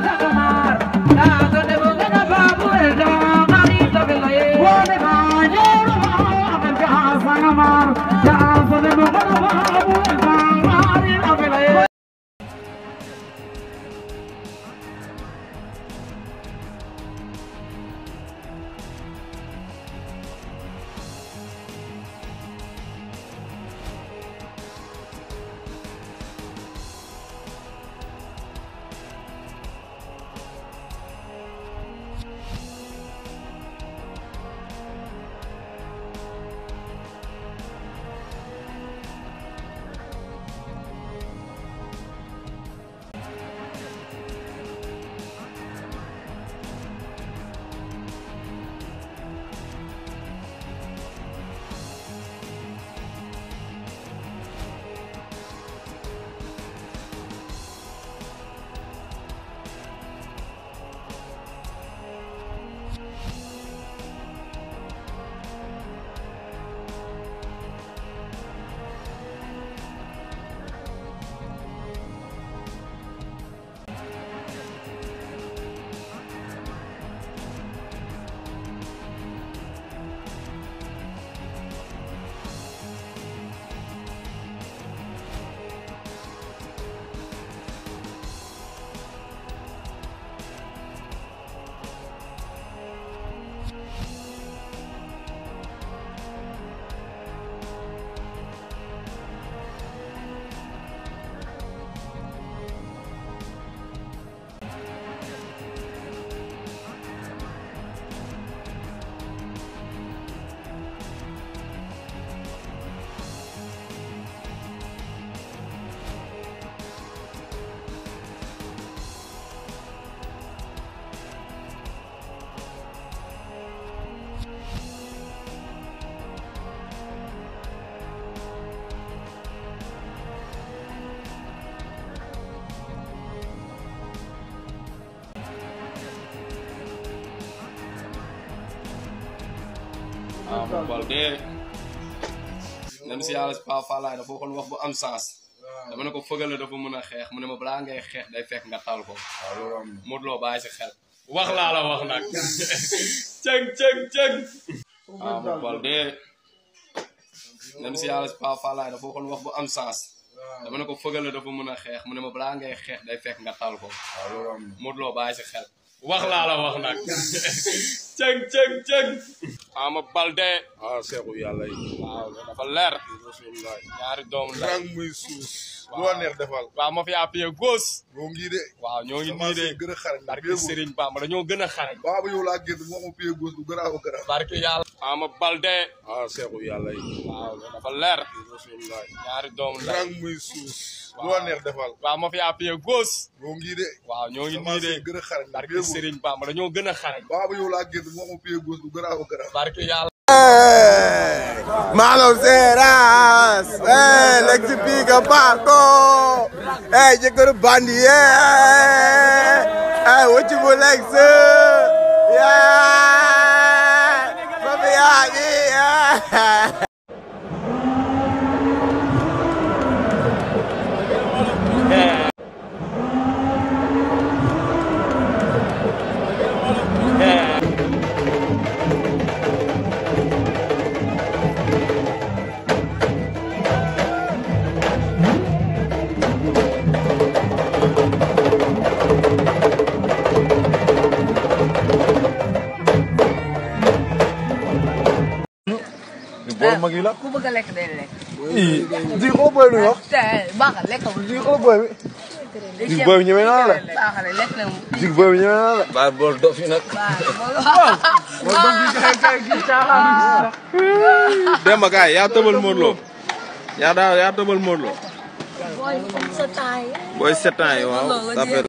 Yeah. Ama Baldé dem si yàlla si Paa ko fëgal la mën a xeex mu ne ma balaa ngay xeex day fekk nga taal ko. waaw si xel. wax laa la wax nag. cëng cëng am sens. dama ne ko fëgal la dafa mën a xeex mu ne ma balaa ngay xeex day fekk nga taal ko. waaw Modou Lo si xel. wax laa wax nag. cëng cëng cëng. Ama Balde. ah seexu yàlla yi. waaw dafa leer. ñaari doomu la rang muy suus. waaw loo neex defal. waaw ma fi yaa pied gauche. ñoo ngi a waaw ñoo ngi nii de. gën a xarañ. barke Serigne Bamba dañoo gën a xarañ. waaw yow laa génn moo ma pied gauche bu garaaw garaaw. barke ama balde ah seexu yalla yi waaw dafa leer rasulullah ñaari dom la rang muy suus do neex defal waaw ma fi appuyé gauche ñoo ngi de waaw ñoo ngi ni de gën barke Serigne Bamba dañu gëna a xarañ yow la génn mo ma piyé gauche bu garaaw garaaw barke yalla Malo Seras, eh, let's pick a Paco, eh, you got a eh, eh, what you would like, sir, yeah. yeah. mag yi la ku bëgg a lekk day lekk. di booy bi wax. baaxal lekkul di xool booy booy bi ñeme naa la. baaxal booy bi ñeme naa la. baal bool dof yi nag. Demba gaay yaa tëbal Modou booy sept ans yi waaw.